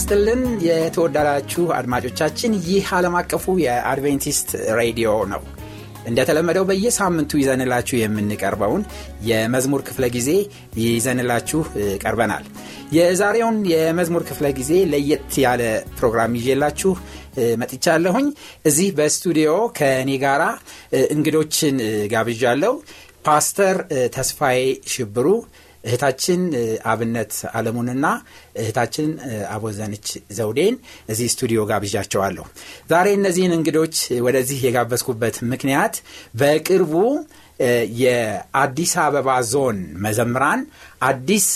ጤና የተወዳዳችሁ አድማጮቻችን፣ ይህ ዓለም አቀፉ የአድቬንቲስት ሬዲዮ ነው። እንደተለመደው በየሳምንቱ ይዘንላችሁ የምንቀርበውን የመዝሙር ክፍለ ጊዜ ይዘንላችሁ ቀርበናል። የዛሬውን የመዝሙር ክፍለ ጊዜ ለየት ያለ ፕሮግራም ይዤላችሁ መጥቻለሁኝ። እዚህ በስቱዲዮ ከእኔ ጋራ እንግዶችን ጋብዣለሁ። ፓስተር ተስፋዬ ሽብሩ እህታችን አብነት አለሙንና እህታችን አቦዘነች ዘውዴን እዚህ ስቱዲዮ ጋብዣቸዋለሁ። ዛሬ እነዚህን እንግዶች ወደዚህ የጋበዝኩበት ምክንያት በቅርቡ የአዲስ አበባ ዞን መዘምራን አዲስ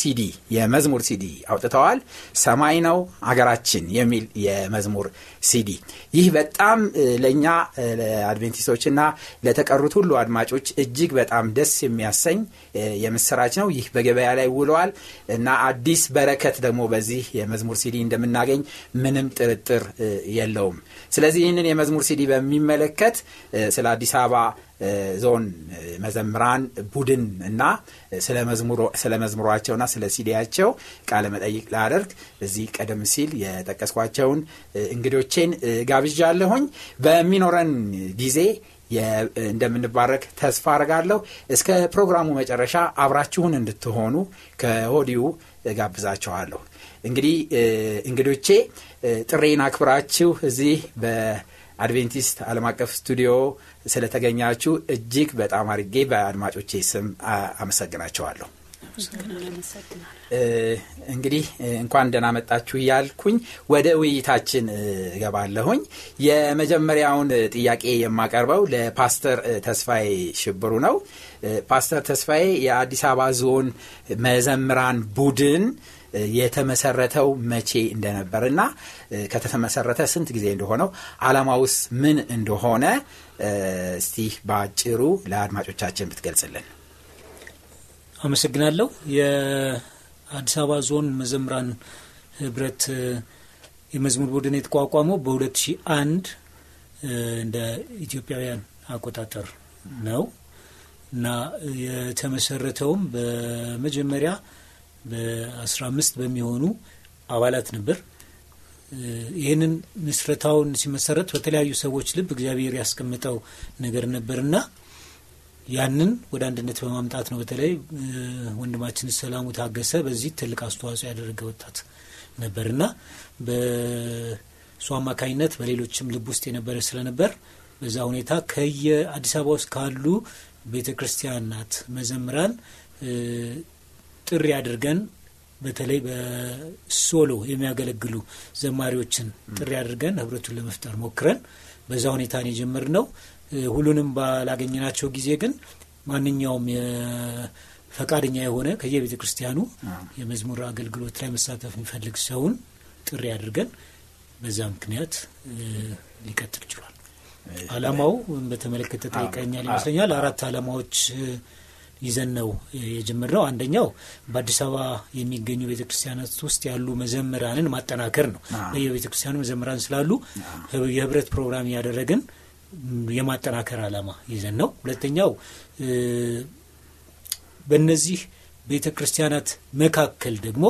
ሲዲ የመዝሙር ሲዲ አውጥተዋል። ሰማይ ነው አገራችን የሚል የመዝሙር ሲዲ። ይህ በጣም ለእኛ ለአድቬንቲስቶችና ለተቀሩት ሁሉ አድማጮች እጅግ በጣም ደስ የሚያሰኝ የምስራች ነው። ይህ በገበያ ላይ ውለዋል እና አዲስ በረከት ደግሞ በዚህ የመዝሙር ሲዲ እንደምናገኝ ምንም ጥርጥር የለውም። ስለዚህ ይህንን የመዝሙር ሲዲ በሚመለከት ስለ አዲስ አበባ ዞን መዘምራን ቡድን እና ስለ መዝሙሯቸውና ስለ ሲዲያቸው ቃለ መጠይቅ ላደርግ እዚህ ቀደም ሲል የጠቀስኳቸውን እንግዶቼን አለሁኝ በሚኖረን ጊዜ እንደምንባረክ ተስፋ አርጋለሁ። እስከ ፕሮግራሙ መጨረሻ አብራችሁን እንድትሆኑ ከሆዲው ጋብዛችኋለሁ። እንግዲህ እንግዶቼ ጥሬን አክብራችሁ እዚህ በአድቬንቲስት ዓለም አቀፍ ስቱዲዮ ስለተገኛችሁ እጅግ በጣም አድርጌ በአድማጮቼ ስም አመሰግናቸዋለሁ። እንግዲህ እንኳን ደህና መጣችሁ እያልኩኝ ወደ ውይይታችን ገባለሁኝ። የመጀመሪያውን ጥያቄ የማቀርበው ለፓስተር ተስፋዬ ሽብሩ ነው። ፓስተር ተስፋዬ የአዲስ አበባ ዞን መዘምራን ቡድን የተመሰረተው መቼ እንደነበር እና ከተመሰረተ ስንት ጊዜ እንደሆነው አላማውስ ምን እንደሆነ እስቲ በአጭሩ ለአድማጮቻችን ብትገልጽልን። አመሰግናለሁ። የአዲስ አበባ ዞን መዘምራን ህብረት የመዝሙር ቡድን የተቋቋመው በ2001 እንደ ኢትዮጵያውያን አቆጣጠር ነው እና የተመሰረተውም በመጀመሪያ በአስራ አምስት በሚሆኑ አባላት ነበር። ይህንን ምስረታውን ሲመሰረት በተለያዩ ሰዎች ልብ እግዚአብሔር ያስቀምጠው ነገር ነበርና ያንን ወደ አንድነት በማምጣት ነው። በተለይ ወንድማችን ሰላሙ ታገሰ በዚህ ትልቅ አስተዋጽኦ ያደረገ ወጣት ነበርና በእሱ አማካኝነት በሌሎችም ልብ ውስጥ የነበረ ስለነበር በዛ ሁኔታ ከየ አዲስ አበባ ውስጥ ካሉ ቤተ ክርስቲያናት መዘምራን ጥሪ አድርገን በተለይ በሶሎ የሚያገለግሉ ዘማሪዎችን ጥሪ አድርገን ህብረቱን ለመፍጠር ሞክረን በዛ ሁኔታ ነው የጀመርነው። ሁሉንም ባላገኘናቸው ጊዜ ግን ማንኛውም ፈቃደኛ የሆነ ከየቤተ ክርስቲያኑ የመዝሙር አገልግሎት ላይ መሳተፍ የሚፈልግ ሰውን ጥሪ አድርገን በዛ ምክንያት ሊቀጥል ችሏል። አላማው በተመለከተ ጠይቀኛል ይመስለኛል። አራት አላማዎች ይዘን ነው የጀመርነው። አንደኛው በአዲስ አበባ የሚገኙ ቤተክርስቲያናት ውስጥ ያሉ መዘምራንን ማጠናከር ነው። የቤተክርስቲያኑ መዘምራን ስላሉ የህብረት ፕሮግራም እያደረግን የማጠናከር አላማ ይዘን ነው። ሁለተኛው በእነዚህ ቤተ ክርስቲያናት መካከል ደግሞ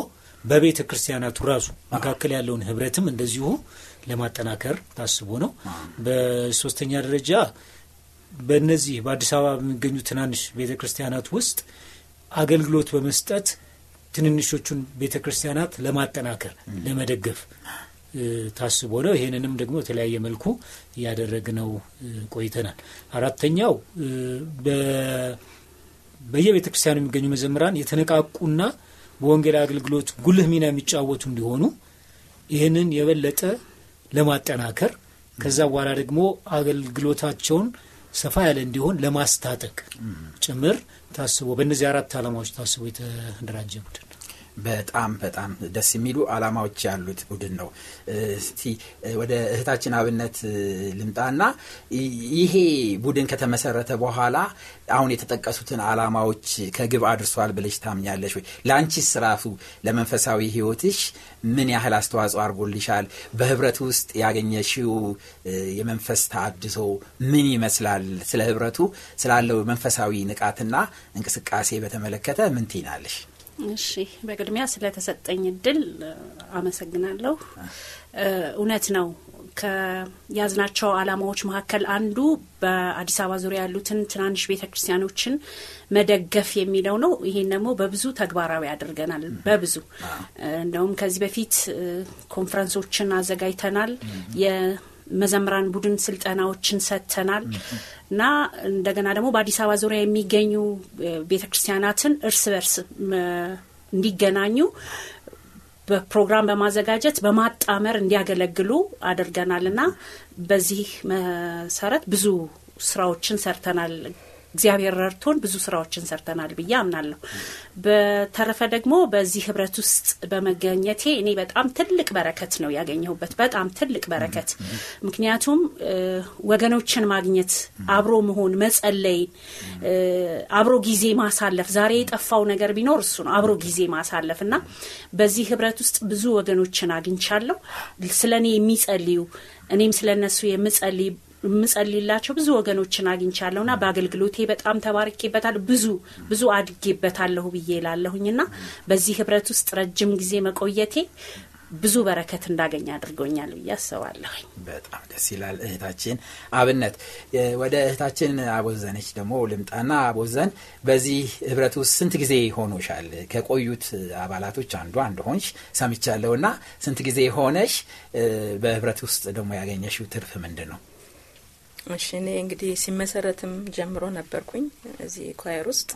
በቤተ ክርስቲያናቱ ራሱ መካከል ያለውን ህብረትም እንደዚሁ ለማጠናከር ታስቦ ነው። በሶስተኛ ደረጃ በእነዚህ በአዲስ አበባ በሚገኙ ትናንሽ ቤተ ክርስቲያናት ውስጥ አገልግሎት በመስጠት ትንንሾቹን ቤተ ክርስቲያናት ለማጠናከር ለመደገፍ ታስቦ ነው። ይህንንም ደግሞ በተለያየ መልኩ እያደረግነው ቆይተናል። አራተኛው በየቤተ ክርስቲያኑ የሚገኙ መዘምራን የተነቃቁና በወንጌል አገልግሎት ጉልህ ሚና የሚጫወቱ እንዲሆኑ ይህንን የበለጠ ለማጠናከር ከዛ በኋላ ደግሞ አገልግሎታቸውን ሰፋ ያለ እንዲሆን ለማስታጠቅ ጭምር ታስቦ በእነዚህ አራት ዓላማዎች ታስቦ የተደራጀ ቡድን በጣም በጣም ደስ የሚሉ አላማዎች ያሉት ቡድን ነው። እስቲ ወደ እህታችን አብነት ልምጣና ይሄ ቡድን ከተመሰረተ በኋላ አሁን የተጠቀሱትን አላማዎች ከግብ አድርሷል ብለሽ ታምኛለሽ ወይ? ለአንቺ ስራቱ ለመንፈሳዊ ህይወትሽ ምን ያህል አስተዋጽኦ አድርጎልሻል? በህብረቱ ውስጥ ያገኘሽው የመንፈስ ተአድሶ ምን ይመስላል? ስለ ህብረቱ ስላለው መንፈሳዊ ንቃትና እንቅስቃሴ በተመለከተ ምን ትይናለሽ? እሺ በቅድሚያ ስለተሰጠኝ እድል አመሰግናለሁ። እውነት ነው ከያዝናቸው አላማዎች መካከል አንዱ በአዲስ አበባ ዙሪያ ያሉትን ትናንሽ ቤተ ክርስቲያኖችን መደገፍ የሚለው ነው። ይህን ደግሞ በብዙ ተግባራዊ አድርገናል። በብዙ እንደውም ከዚህ በፊት ኮንፈረንሶችን አዘጋጅተናል። መዘምራን ቡድን ስልጠናዎችን ሰጥተናል እና እንደገና ደግሞ በአዲስ አበባ ዙሪያ የሚገኙ ቤተ ክርስቲያናትን እርስ በርስ እንዲገናኙ በፕሮግራም በማዘጋጀት በማጣመር እንዲያገለግሉ አድርገናል እና በዚህ መሰረት ብዙ ስራዎችን ሰርተናል። እግዚአብሔር ረድቶን ብዙ ስራዎችን ሰርተናል ብዬ አምናለሁ። በተረፈ ደግሞ በዚህ ህብረት ውስጥ በመገኘቴ እኔ በጣም ትልቅ በረከት ነው ያገኘሁበት፣ በጣም ትልቅ በረከት። ምክንያቱም ወገኖችን ማግኘት፣ አብሮ መሆን፣ መጸለይ አብሮ ጊዜ ማሳለፍ፣ ዛሬ የጠፋው ነገር ቢኖር እሱ ነው፣ አብሮ ጊዜ ማሳለፍ እና በዚህ ህብረት ውስጥ ብዙ ወገኖችን አግኝቻለሁ። ስለ እኔ የሚጸልዩ እኔም ስለ እነሱ የምጸልይ ምጸልላቸው ብዙ ወገኖችን አግኝቻለሁ ና በአገልግሎቴ በጣም ተባርቄበታለሁ። ብዙ ብዙ አድጌበታለሁ ብዬ ላለሁኝ ና በዚህ ህብረት ውስጥ ረጅም ጊዜ መቆየቴ ብዙ በረከት እንዳገኝ አድርጎኛል ብዬ አስባለሁኝ። በጣም ደስ ይላል እህታችን አብነት። ወደ እህታችን አቦዘነች ደግሞ ልምጣና አቦዘን፣ በዚህ ህብረት ውስጥ ስንት ጊዜ ሆኖሻል? ከቆዩት አባላቶች አንዷ እንደሆንሽ ሰምቻለሁና ስንት ጊዜ ሆነሽ? በህብረት ውስጥ ደግሞ ያገኘሽው ትርፍ ምንድን ነው? እሺ እኔ እንግዲህ ሲመሰረትም ጀምሮ ነበርኩኝ እዚህ ኳየር ውስጥ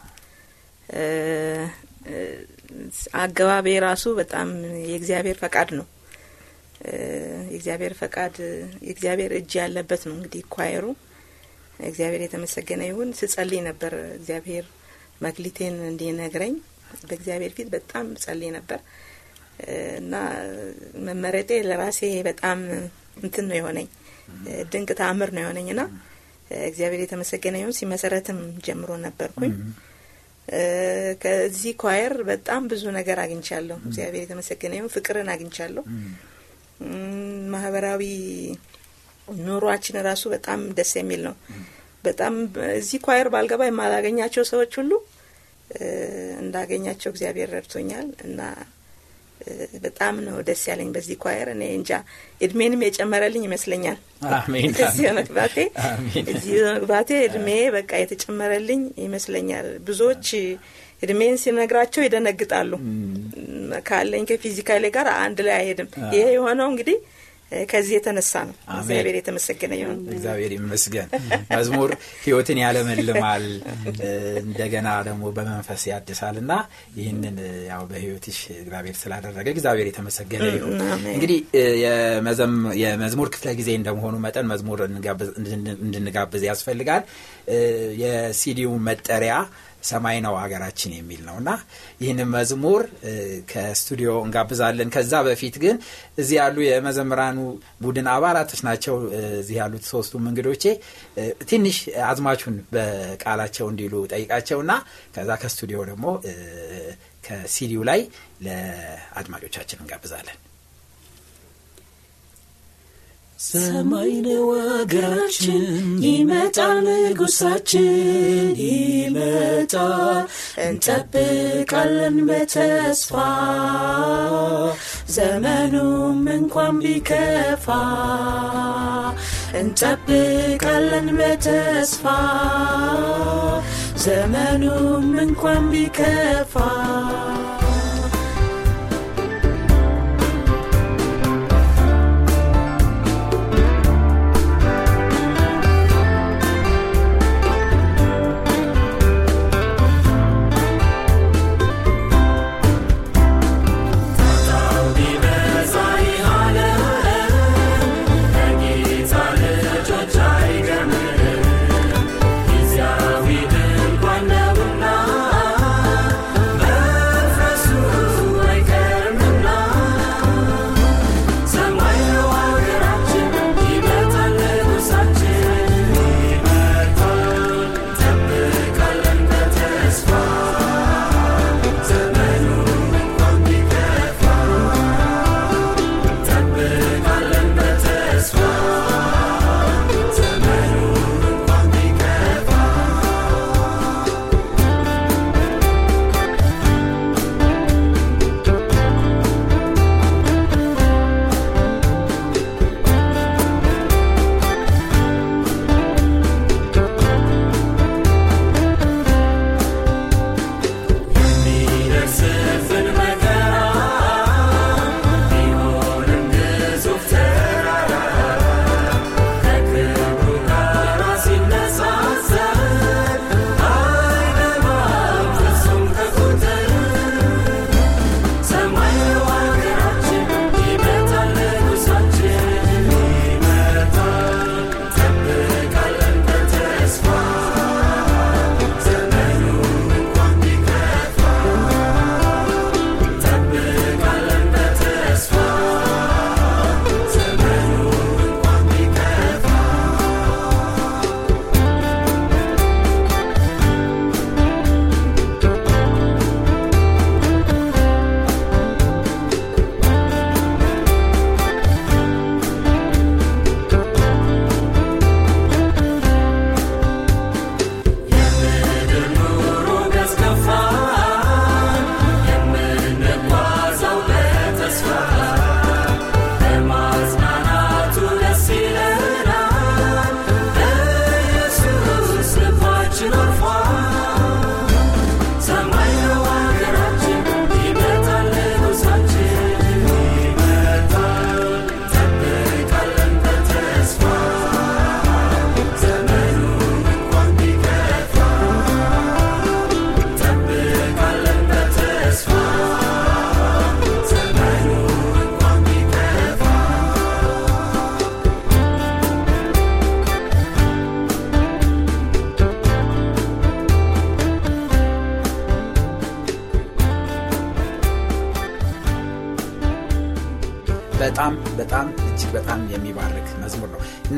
አገባቤ ራሱ በጣም የእግዚአብሔር ፈቃድ ነው። የእግዚአብሔር ፈቃድ የእግዚአብሔር እጅ ያለበት ነው። እንግዲህ ኳየሩ እግዚአብሔር የተመሰገነ ይሁን። ስጸልይ ነበር እግዚአብሔር መክሊቴን እንዲነግረኝ በእግዚአብሔር ፊት በጣም ጸልይ ነበር እና መመረጤ ለራሴ በጣም እንትን ነው የሆነኝ ድንቅ ተአምር ነው የሆነኝ ና እግዚአብሔር የተመሰገነ ይሁን። ሲመሰረትም ጀምሮ ነበርኩኝ። ከዚህ ኳየር በጣም ብዙ ነገር አግኝቻለሁ። እግዚአብሔር የተመሰገነ ይሁን። ፍቅርን አግኝቻለሁ። ማህበራዊ ኑሯችን ራሱ በጣም ደስ የሚል ነው። በጣም እዚህ ኳየር ባልገባ የማላገኛቸው ሰዎች ሁሉ እንዳገኛቸው እግዚአብሔር ረድቶኛል እና በጣም ነው ደስ ያለኝ በዚህ ኳየር። እኔ እንጃ እድሜንም የጨመረልኝ ይመስለኛል። እዚህ መግባቴ እዚህ መግባቴ እድሜ በቃ የተጨመረልኝ ይመስለኛል። ብዙዎች እድሜን ሲነግራቸው ይደነግጣሉ። ካለኝ ከፊዚካሌ ጋር አንድ ላይ አይሄድም። ይሄ የሆነው እንግዲህ ከዚህ የተነሳ ነው። እግዚአብሔር የተመሰገነ ይሁን። እግዚአብሔር ይመስገን። መዝሙር ህይወትን ያለመልማል፣ እንደገና ደግሞ በመንፈስ ያድሳል እና ይህንን ያው በህይወትሽ እግዚአብሔር ስላደረገ እግዚአብሔር የተመሰገነ ይሁን። እንግዲህ የመዝሙር ክፍለ ጊዜ እንደመሆኑ መጠን መዝሙር እንድንጋብዝ ያስፈልጋል። የሲዲው መጠሪያ ሰማይ ነው ሀገራችን የሚል ነው እና ይህን መዝሙር ከስቱዲዮ እንጋብዛለን። ከዛ በፊት ግን እዚህ ያሉ የመዘምራኑ ቡድን አባላቶች ናቸው። እዚህ ያሉት ሶስቱም እንግዶቼ ትንሽ አዝማቹን በቃላቸው እንዲሉ ጠይቃቸው እና ከዛ ከስቱዲዮ ደግሞ ከሲዲው ላይ ለአድማጮቻችን እንጋብዛለን። ሰማይ ነው አገራችን፣ ይመጣል ንጉሳችን፣ ይመጣ እንጠብቃለን በተስፋ ዘመኑም እንኳን ቢከፋ እንጠብቃለን በተስፋ ዘመኑም እንኳን ቢከፋ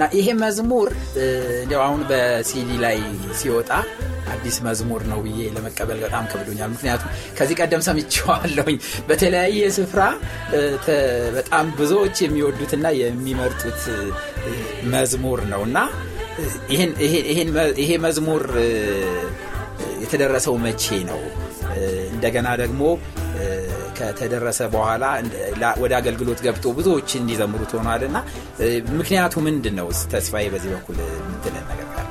እና ይሄ መዝሙር እንዲያው አሁን በሲዲ ላይ ሲወጣ አዲስ መዝሙር ነው ብዬ ለመቀበል በጣም ከብዶኛል። ምክንያቱም ከዚህ ቀደም ሰምቸዋለሁኝ በተለያየ ስፍራ በጣም ብዙዎች የሚወዱትና የሚመርጡት መዝሙር ነው እና ይሄ መዝሙር የተደረሰው መቼ ነው? እንደገና ደግሞ ከተደረሰ በኋላ ወደ አገልግሎት ገብቶ ብዙዎች እንዲዘምሩት ሆኗል እና ምክንያቱ ምንድን ነው? ተስፋዬ በዚህ በኩል የምትለን ነገር ካለ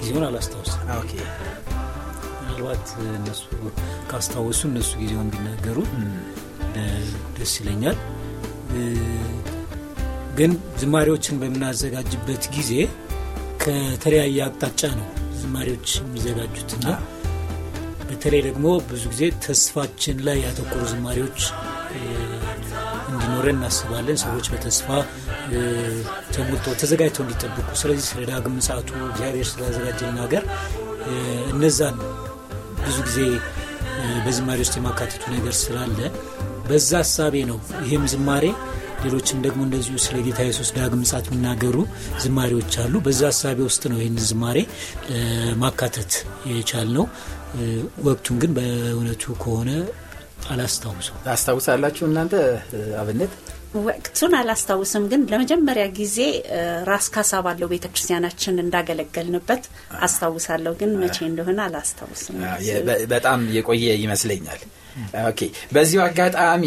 ጊዜውን አላስታውስም። ምናልባት እነሱ ካስታወሱ እነሱ ጊዜውን ቢናገሩ ደስ ይለኛል። ግን ዝማሪዎችን በምናዘጋጅበት ጊዜ ከተለያየ አቅጣጫ ነው ዝማሪዎች የሚዘጋጁትና በተለይ ደግሞ ብዙ ጊዜ ተስፋችን ላይ ያተኮሩ ዝማሪዎች እንዲኖረን እናስባለን። ሰዎች በተስፋ ተሞልቶ ተዘጋጅተው እንዲጠብቁ። ስለዚህ ስለ ዳግም ምጽአቱ እግዚአብሔር ስላዘጋጀልን ሀገር እነዛን ብዙ ጊዜ በዝማሬ ውስጥ የማካተቱ ነገር ስላለ በዛ ሀሳቤ ነው ይህም ዝማሬ ሌሎችም ደግሞ እንደዚሁ ስለ ጌታ የሱስ ዳግም ጻት የሚናገሩ ዝማሬዎች አሉ። በዛ ሀሳቤ ውስጥ ነው ይህን ዝማሬ ማካተት የቻል ነው። ወቅቱን ግን በእውነቱ ከሆነ አላስታውሰው። አስታውሳላችሁ እናንተ አብነት ወቅቱን አላስታውስም፣ ግን ለመጀመሪያ ጊዜ ራስ ካሳ ባለው ቤተ ክርስቲያናችን እንዳገለገልንበት አስታውሳለሁ፣ ግን መቼ እንደሆነ አላስታውስም። በጣም የቆየ ይመስለኛል። ኦኬ። በዚሁ አጋጣሚ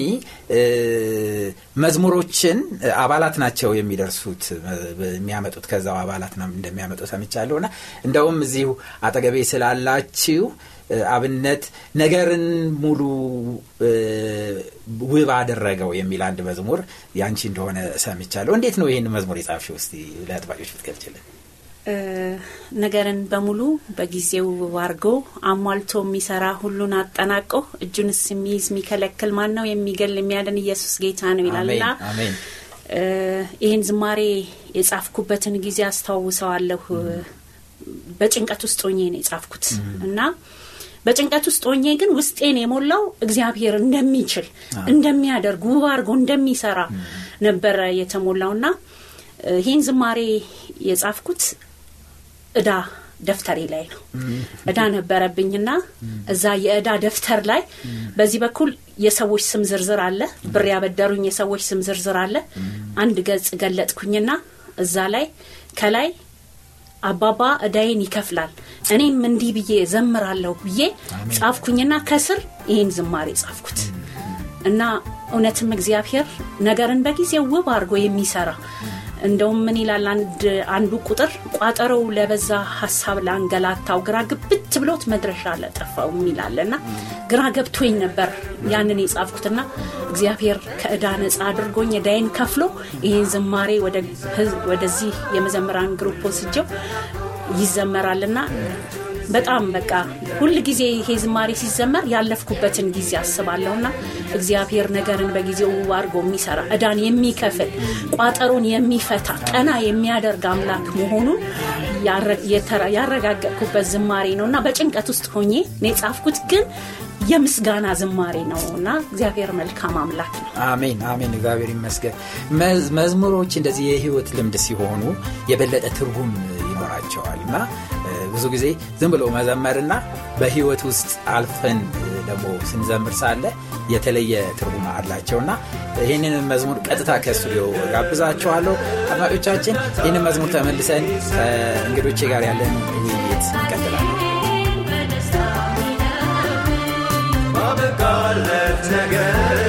መዝሙሮችን አባላት ናቸው የሚደርሱት የሚያመጡት ከዛው አባላት ነው እንደሚያመጡ ሰምቻለሁ። እና እንደውም እዚሁ አጠገቤ ስላላችሁ አብነት ነገርን ሙሉ ውብ አደረገው የሚል አንድ መዝሙር ያንቺ እንደሆነ ሰምቻለሁ። እንዴት ነው ይህን መዝሙር የጻፍሽው? ውስጥ ለአጥባቂዎች ብትገልጭልን። ነገርን በሙሉ በጊዜው ዋርጎ አሟልቶ የሚሰራ ሁሉን አጠናቆ እጁንስ የሚይዝ የሚከለክል ማን ነው? የሚገል የሚያድን ኢየሱስ ጌታ ነው ይላልና ይህን ዝማሬ የጻፍኩበትን ጊዜ አስታውሰዋለሁ። በጭንቀት ውስጥ ሆኜ ነው የጻፍኩት እና በጭንቀት ውስጥ ሆኜ ግን ውስጤን የሞላው እግዚአብሔር እንደሚችል እንደሚያደርግ ውብ አድርጎ እንደሚሰራ ነበረ የተሞላውና ይህን ዝማሬ የጻፍኩት እዳ ደፍተሬ ላይ ነው። እዳ ነበረብኝና እዛ የእዳ ደብተር ላይ በዚህ በኩል የሰዎች ስም ዝርዝር አለ፣ ብር ያበደሩኝ የሰዎች ስም ዝርዝር አለ። አንድ ገጽ ገለጥኩኝና እዛ ላይ ከላይ አባባ እዳይን ይከፍላል፣ እኔም እንዲህ ብዬ ዘምራለሁ ብዬ ጻፍኩኝና ከስር ይህን ዝማሬ ጻፍኩት እና እውነትም እግዚአብሔር ነገርን በጊዜው ውብ አድርጎ የሚሰራ እንደውም ምን ይላል አንድ አንዱ ቁጥር ቋጠረው ለበዛ ሀሳብ ለአንገላታው ግራ ግብት ብሎት መድረሻ ለጠፋው የሚላል እና ግራ ገብቶኝ ነበር ያንን የጻፍኩትና እግዚአብሔር ከእዳ ነጻ አድርጎኝ ዳይን ከፍሎ ይህን ዝማሬ ወደዚህ የመዘምራን ግሩፕ ወስጀው ይዘመራልና በጣም በቃ ሁል ጊዜ ይሄ ዝማሬ ሲዘመር ያለፍኩበትን ጊዜ አስባለሁ ና እግዚአብሔር ነገርን በጊዜው አድርጎ የሚሰራ እዳን የሚከፍል ቋጠሮን የሚፈታ ቀና የሚያደርግ አምላክ መሆኑን ያረጋገጥኩበት ዝማሬ ነው እና በጭንቀት ውስጥ ሆኜ ነው የጻፍኩት ግን የምስጋና ዝማሬ ነው እና እግዚአብሔር መልካም አምላክ ነው አሜን አሜን እግዚአብሔር ይመስገን መዝሙሮች እንደዚህ የህይወት ልምድ ሲሆኑ የበለጠ ትርጉም ይኖራቸዋል እና ብዙ ጊዜ ዝም ብሎ መዘመርና በህይወት ውስጥ አልፈን ደግሞ ስንዘምር ሳለ የተለየ ትርጉም አላቸውና ይህንን መዝሙር ቀጥታ ከስቱዲዮ ጋብዛችኋለሁ። አድማጮቻችን ይህንን መዝሙር ተመልሰን ከእንግዶቼ ጋር ያለን ውይይት እንቀጥላለን። ነገር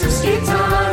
Christmas time.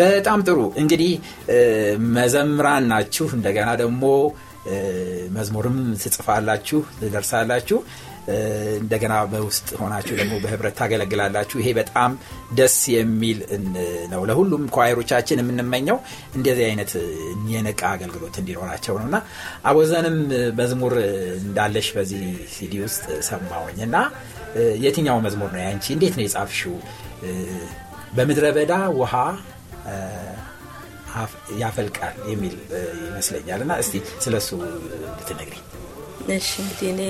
በጣም ጥሩ እንግዲህ መዘምራን ናችሁ። እንደገና ደግሞ መዝሙርም ትጽፋላችሁ፣ ትደርሳላችሁ። እንደገና በውስጥ ሆናችሁ ደግሞ በህብረት ታገለግላላችሁ። ይሄ በጣም ደስ የሚል ነው። ለሁሉም ኳይሮቻችን የምንመኘው እንደዚህ አይነት የነቃ አገልግሎት እንዲኖራቸው ነው እና አቦዘንም መዝሙር እንዳለሽ በዚህ ሲዲ ውስጥ ሰማሁኝ እና የትኛው መዝሙር ነው ያንቺ? እንዴት ነው የጻፍሽው? በምድረ በዳ ውሃ ያፈልቃል የሚል ይመስለኛል። እና እስቲ ስለ እሱ እንድትነግሪ። እሺ እንግዲህ እኔ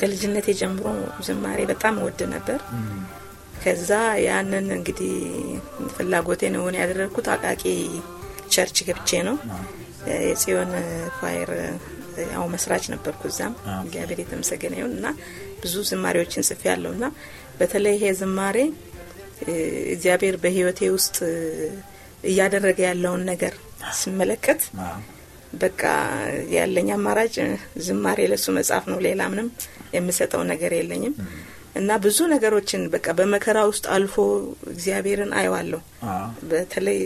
ከልጅነት የጀምሮ ዝማሬ በጣም ወድ ነበር። ከዛ ያንን እንግዲህ ፍላጎቴን እውን ያደረግኩት አቃቂ ቸርች ገብቼ ነው። የጽዮን ኳይር ያው መስራች ነበርኩ። እዛም እግዚአብሔር የተመሰገነ ይሁን እና ብዙ ዝማሬዎችን ጽፌ ያለው እና በተለይ ይሄ ዝማሬ እግዚአብሔር በህይወቴ ውስጥ እያደረገ ያለውን ነገር ስመለከት በቃ ያለኝ አማራጭ ዝማሬ ለሱ መጽሐፍ ነው። ሌላ ምንም የምሰጠው ነገር የለኝም እና ብዙ ነገሮችን በቃ በመከራ ውስጥ አልፎ እግዚአብሔርን አየዋለሁ። በተለይ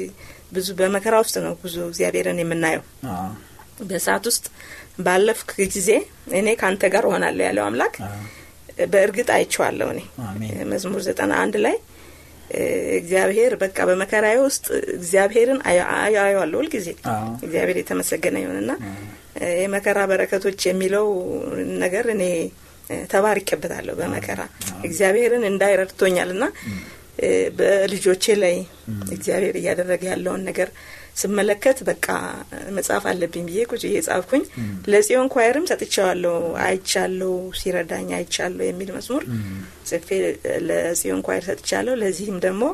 ብዙ በመከራ ውስጥ ነው ብዙ እግዚአብሔርን የምናየው። በሰዓት ውስጥ ባለፍክ ጊዜ እኔ ከአንተ ጋር እሆናለሁ ያለው አምላክ በእርግጥ አይቼዋለሁ። እኔ መዝሙር ዘጠና አንድ ላይ እግዚአብሔር በቃ በመከራዬ ውስጥ እግዚአብሔርን አየዋለሁ ሁልጊዜ። እግዚአብሔር የተመሰገነ ይሆንና የመከራ በረከቶች የሚለው ነገር እኔ ተባርቄበታለሁ። በመከራ እግዚአብሔርን እንዳይረድቶኛል ና በልጆቼ ላይ እግዚአብሔር እያደረገ ያለውን ነገር ስመለከት በቃ መጽሐፍ አለብኝ ብዬ ቁጭ እየጻፍኩኝ ለጽዮን ኳየርም ሰጥቼዋለሁ። አይቻለሁ ሲረዳኝ አይቻለሁ የሚል መስሙር ጽፌ ለጽዮን ኳየር ሰጥቻለሁ። ለዚህም ደግሞ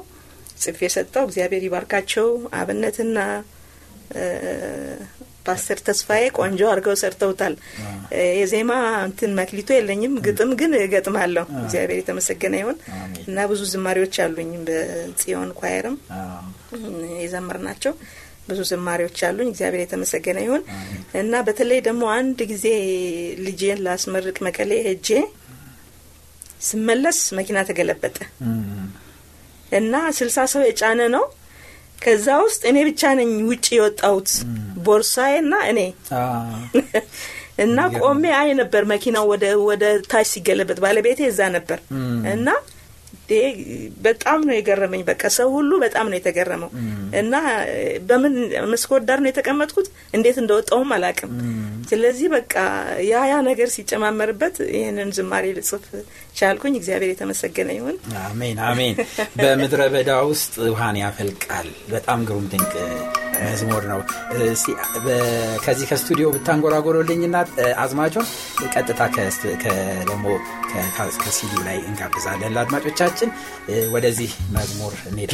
ጽፌ ሰጠው። እግዚአብሔር ይባርካቸው አብነትና ፓስተር ተስፋዬ ቆንጆ አድርገው ሰርተውታል። የዜማ እንትን መክሊቶ የለኝም፣ ግጥም ግን እገጥማለሁ። እግዚአብሔር የተመሰገነ ይሆን እና ብዙ ዝማሪዎች አሉኝ በጽዮን ኳየርም የዘምር ናቸው። ብዙ ዝማሬዎች አሉኝ። እግዚአብሔር የተመሰገነ ይሁን እና በተለይ ደግሞ አንድ ጊዜ ልጄን ላስመርቅ መቀሌ ሄጄ ስመለስ መኪና ተገለበጠ እና ስልሳ ሰው የጫነ ነው። ከዛ ውስጥ እኔ ብቻ ነኝ ውጭ የወጣሁት ቦርሳዬ እና እኔ እና ቆሜ አይ ነበር መኪናው ወደ ታች ሲገለበጥ ባለቤቴ እዛ ነበር እና በጣም ነው የገረመኝ። በቃ ሰው ሁሉ በጣም ነው የተገረመው እና በምን መስኮት ዳር ነው የተቀመጥኩት፣ እንዴት እንደወጣውም አላቅም። ስለዚህ በቃ ያ ያ ነገር ሲጨማመርበት ይህንን ዝማሬ ልጽፍ ቻልኩኝ። እግዚአብሔር የተመሰገነ ይሁን። አሜን አሜን። በምድረ በዳ ውስጥ ውሃን ያፈልቃል። በጣም ግሩም ድንቅ መዝሙር ነው። ከዚህ ከስቱዲዮ ብታንጎራጎረልኝና አዝማጆን ቀጥታ ደግሞ ከሲዲ ላይ እንጋብዛለን። ለአድማጮቻችን ወደዚህ መዝሙር እንሄድ።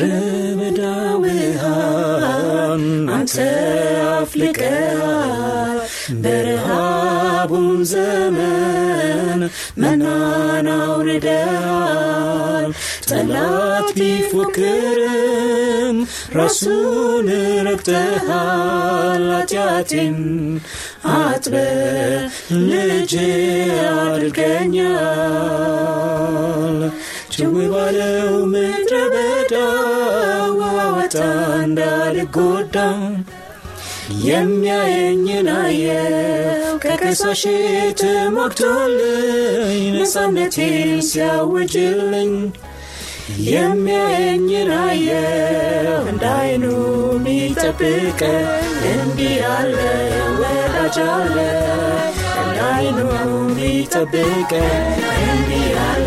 አንተ በረሃ በራቡን ዘመን መናን አውርደዋል። ጠላት ቢፎክርም ራሱን ረግጠሃል። ኃጢአቴን አጥበ ልጅ አድርገኛል። ጭው ባለው ምድረ በዳ ዋወጣ እንዳልጎዳ የሚያየኝን አየ ከከሳሽት ሞግቶልኝ ነጻነቴን ሲያውጅልኝ የሚያየኝን አየሁ እንደ ሚጠብቀ እንዲህ ያለ ወዳጅ አለ እንደ አይኑ ሚጠብቀ እንዲህ አለ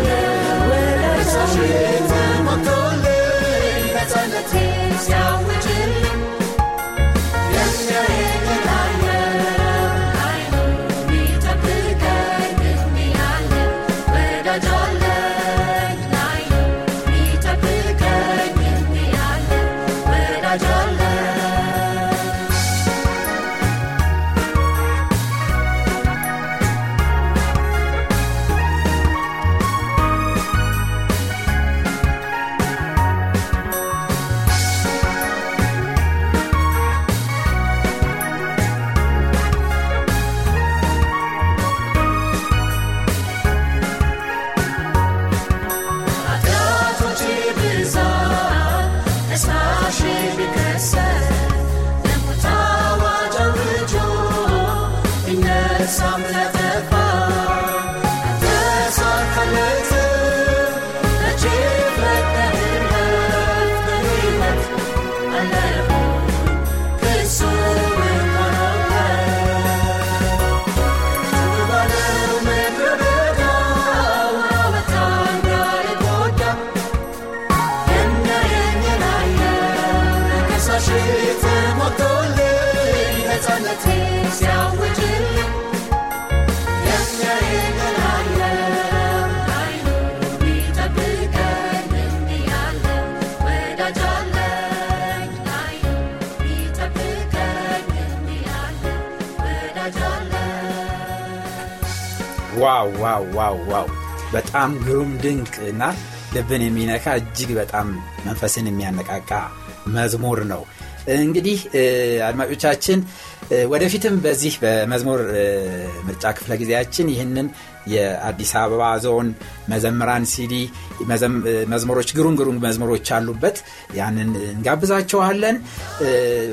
ዋው ዋው ዋው ዋው! በጣም ግሩም ድንቅ እና ልብን የሚነካ እጅግ በጣም መንፈስን የሚያነቃቃ መዝሙር ነው። እንግዲህ አድማጮቻችን ወደፊትም በዚህ በመዝሙር ምርጫ ክፍለ ጊዜያችን ይህንን የአዲስ አበባ ዞን መዘምራን ሲዲ መዝሙሮች ግሩም ግሩም መዝሙሮች አሉበት። ያንን እንጋብዛቸዋለን።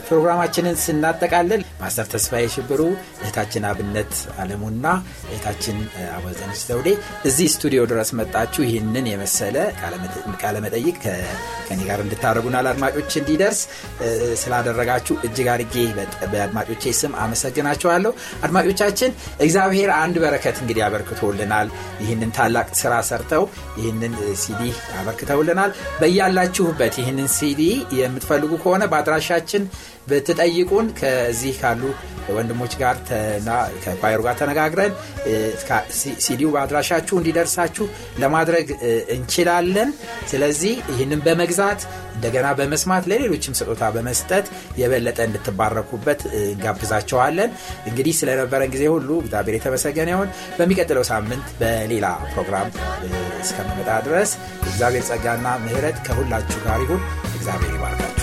ፕሮግራማችንን ስናጠቃልል ማስተር ተስፋዬ ሽብሩ፣ እህታችን አብነት አለሙና እህታችን አበዘነች ዘውዴ እዚህ ስቱዲዮ ድረስ መጣችሁ ይህንን የመሰለ ቃለመጠይቅ ከኔ ጋር እንድታደርጉና ለአድማጮች እንዲደርስ ስላደረጋችሁ እጅግ አድጌ በአድማጮቼ ስም አመሰግናችኋለሁ አድማጮቻችን እግዚአብሔር አንድ በረከት እንግዲህ ያበርክቱ አበርክቶልናል። ይህንን ታላቅ ስራ ሰርተው ይህንን ሲዲ አበርክተውልናል። በያላችሁበት ይህንን ሲዲ የምትፈልጉ ከሆነ በአድራሻችን ብትጠይቁን ከዚህ ካሉ ወንድሞች ጋር ከኳየሩ ጋር ተነጋግረን ሲዲው በአድራሻችሁ እንዲደርሳችሁ ለማድረግ እንችላለን። ስለዚህ ይህንን በመግዛት እንደገና በመስማት ለሌሎችም ስጦታ በመስጠት የበለጠ እንድትባረኩበት እንጋብዛቸዋለን። እንግዲህ ስለነበረን ጊዜ ሁሉ እግዚአብሔር የተመሰገነ ይሆን በሚቀጥለው ሳምንት በሌላ ፕሮግራም እስከምመጣ ድረስ እግዚአብሔር ጸጋና ምህረት ከሁላችሁ ጋር ይሁን። እግዚአብሔር ይባርካል።